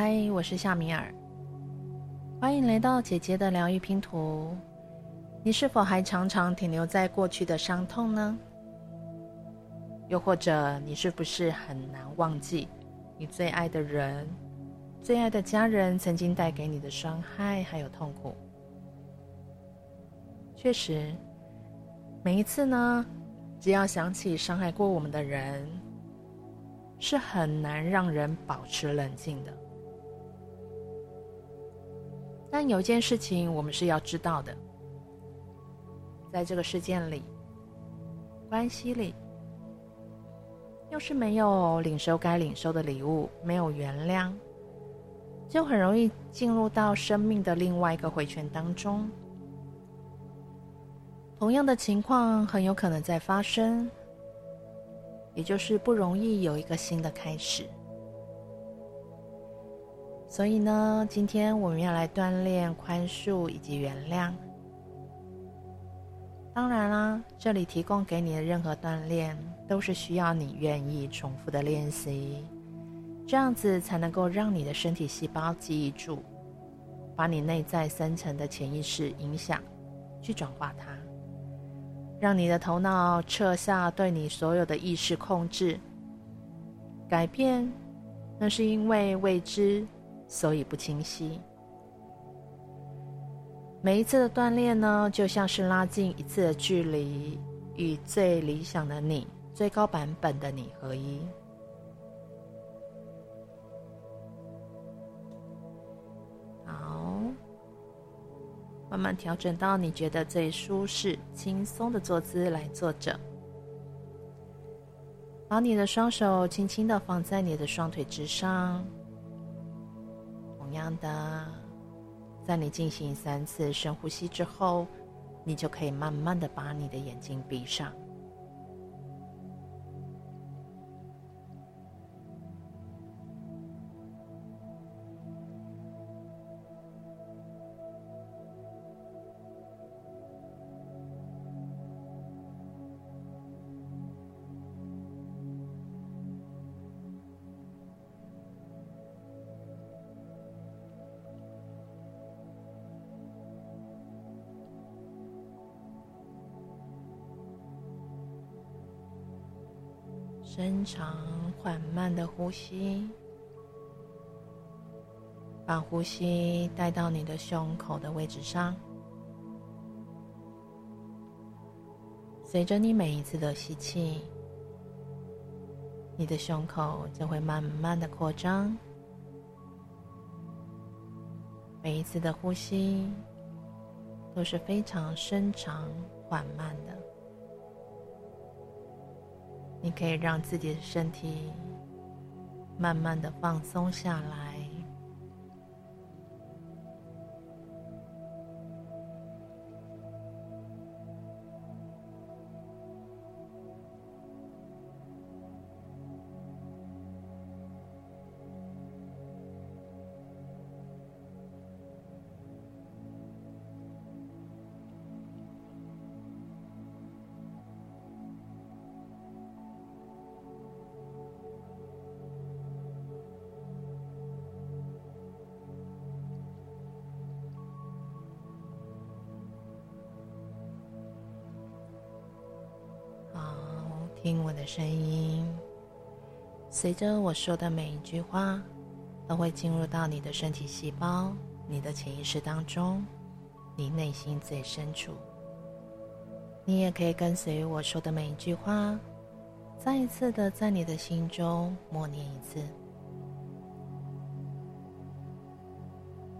嗨，Hi, 我是夏米爾，歡迎來到姐姐的療癒拼圖。你是否還常常停留在過去的傷痛呢？又或者你是不是很難忘記你最愛的人、最愛的家人曾經帶給你的傷害還有痛苦？確實，每一次呢，只要想起傷害過我們的人，是很難讓人保持冷靜的。但有一件事情我們是要知道的，在這個事件裡、關係裡，要是沒有領收該領收的禮物，沒有原諒，就很容易進入到生命的另外一個迴圈當中。同樣的情況很有可能再發生，也就是不容易有一個新的開始。所以呢，今天我們要來鍛鍊寬恕以及原諒。當然啦、啊，這裡提供給你的任何鍛鍊，都是需要你願意重複的練習，這樣子才能夠讓你的身體細胞記憶住，把你內在深層的潛意識影響去轉化它，讓你的頭腦撤下對你所有的意識控制，改變。那是因為未知。所以不清晰。每一次的鍛煉呢，就像是拉近一次的距離，與最理想的你、最高版本的你合一。好，慢慢調整到你覺得最舒適、輕鬆的坐姿來坐着，把你的雙手輕輕的放在你的雙腿之上。樣的，在你進行三次深呼吸之後，你就可以慢慢的把你的眼睛閉上。深長、緩慢的呼吸，把呼吸帶到你的胸口的位置上。隨着你每一次的吸氣，你的胸口就會慢慢的擴張。每一次的呼吸都是非常深長、緩慢的。你可以讓自己的身體慢慢的放鬆下來。聽我的聲音，隨着我說的每一句話，都會進入到你的身體細胞、你的潛意識當中、你內心最深處。你也可以跟隨我說的每一句話，再一次的在你的心中默念一次。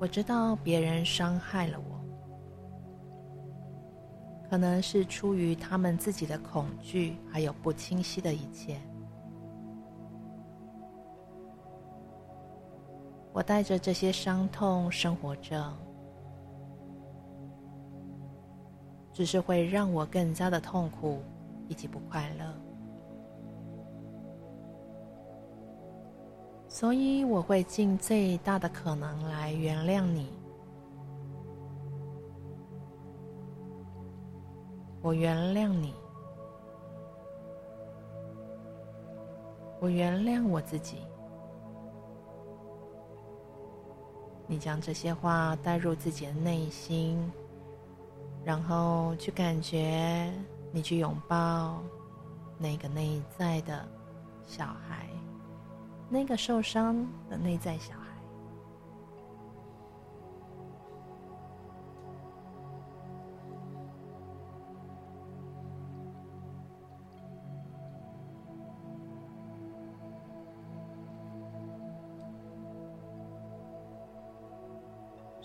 我知道別人傷害了我。可能是出於他們自己的恐懼，還有不清晰的一切。我帶着這些傷痛生活着，只是會讓我更加的痛苦以及不快樂。所以，我會盡最大的可能來原諒你。我原諒你，我原諒我自己。你將這些話帶入自己的內心，然後去感覺，你去擁抱那個內在的小孩，那個受傷的內在小孩。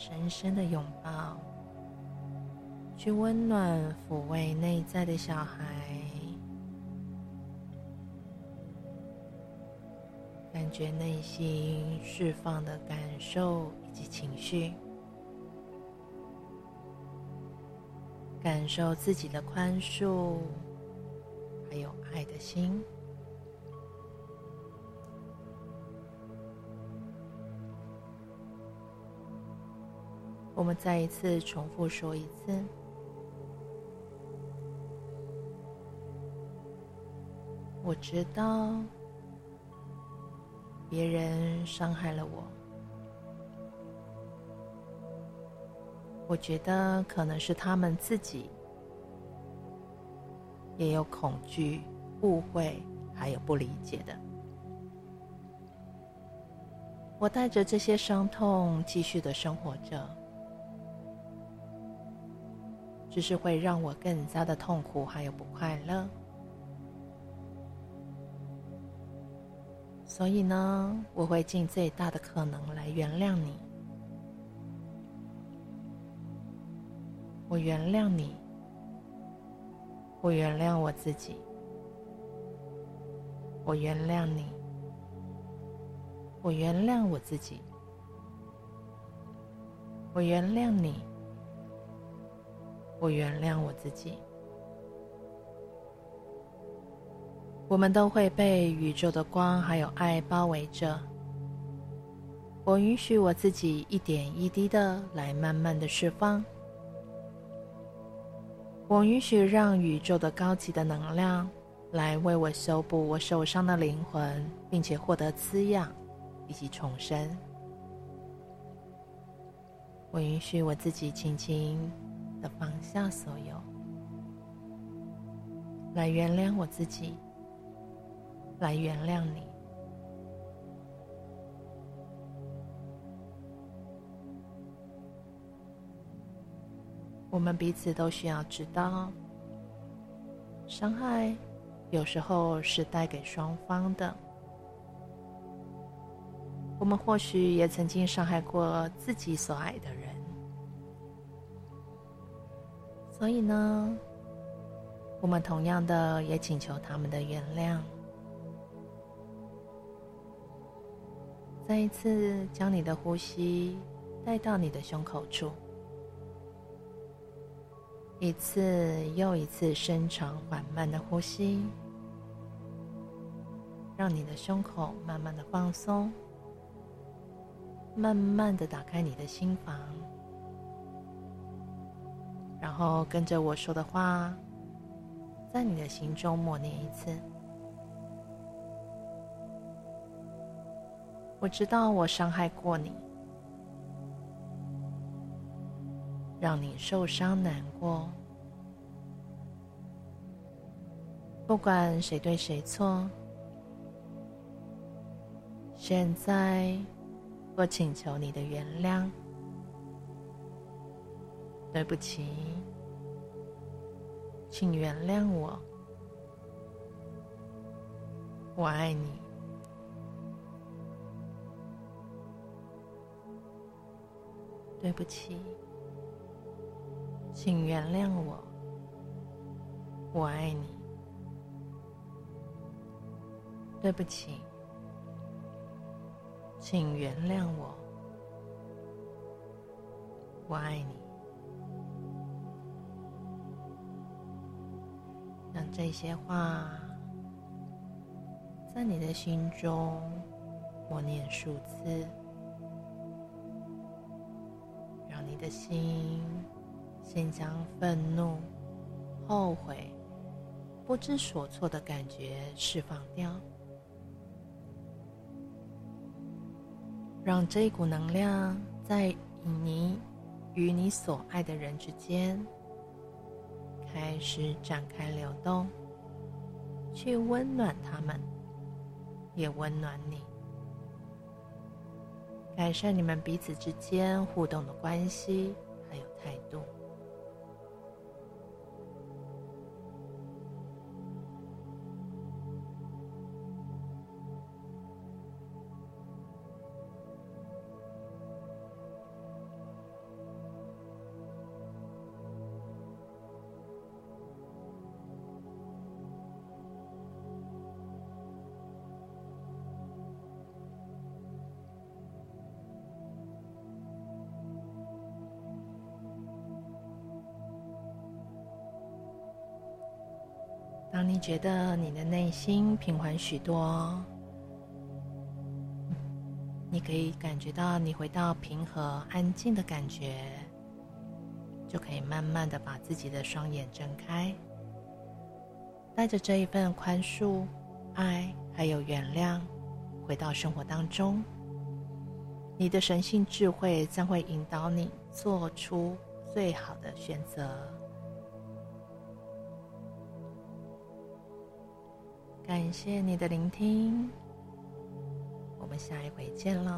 深深的擁抱，去溫暖撫慰內在的小孩，感覺內心釋放的感受以及情緒，感受自己的寬恕，還有愛的心。我們再一次重複說一次。我知道別人傷害了我，我覺得可能是他們自己也有恐懼、誤會，還有不理解的。我帶着這些傷痛繼續的生活着。只是會讓我更加的痛苦，還有不快樂。所以呢，我會盡最大的可能來原諒你。我原諒你，我原諒我自己。我原諒你，我原諒我自己。我原諒你。我原諒我自己。我們都會被宇宙的光還有愛包圍着。我允許我自己一點一滴的來慢慢的釋放。我允許讓宇宙的高級的能量來為我修補我受傷的靈魂，並且獲得滋養以及重生。我允許我自己輕輕。的放下所有，來原諒我自己，來原諒你。我們彼此都需要知道，傷害有時候是帶給雙方的。我們或許也曾經傷害過自己所愛的人。所以呢，我們同樣的也請求他們的原諒。再一次將你的呼吸帶到你的胸口處，一次又一次深長緩慢的呼吸，讓你的胸口慢慢的放鬆，慢慢的打開你的心房。然後跟着我說的話，在你的心中默念一次。我知道我傷害過你，讓你受傷難過。不管誰對誰錯，現在我請求你的原諒。對不起，請原諒我，我愛你。對不起，請原諒我，我愛你。對不起，請原諒我，我愛你。這些話，在你的心中默念數次，讓你的心先將憤怒、後悔、不知所措的感覺釋放掉，讓這一股能量在你與你所愛的人之間。開始展開流動，去溫暖他們，也溫暖你。改善你們彼此之間互動的關係，還有態度。當你覺得你的內心平緩許多，你可以感覺到你回到平和安靜的感覺，就可以慢慢的把自己的雙眼睜開，帶着這一份寬恕、愛還有原諒，回到生活當中，你的神性智慧將會引導你做出最好的選擇。感謝你的聆聽，我們下一回見嘍。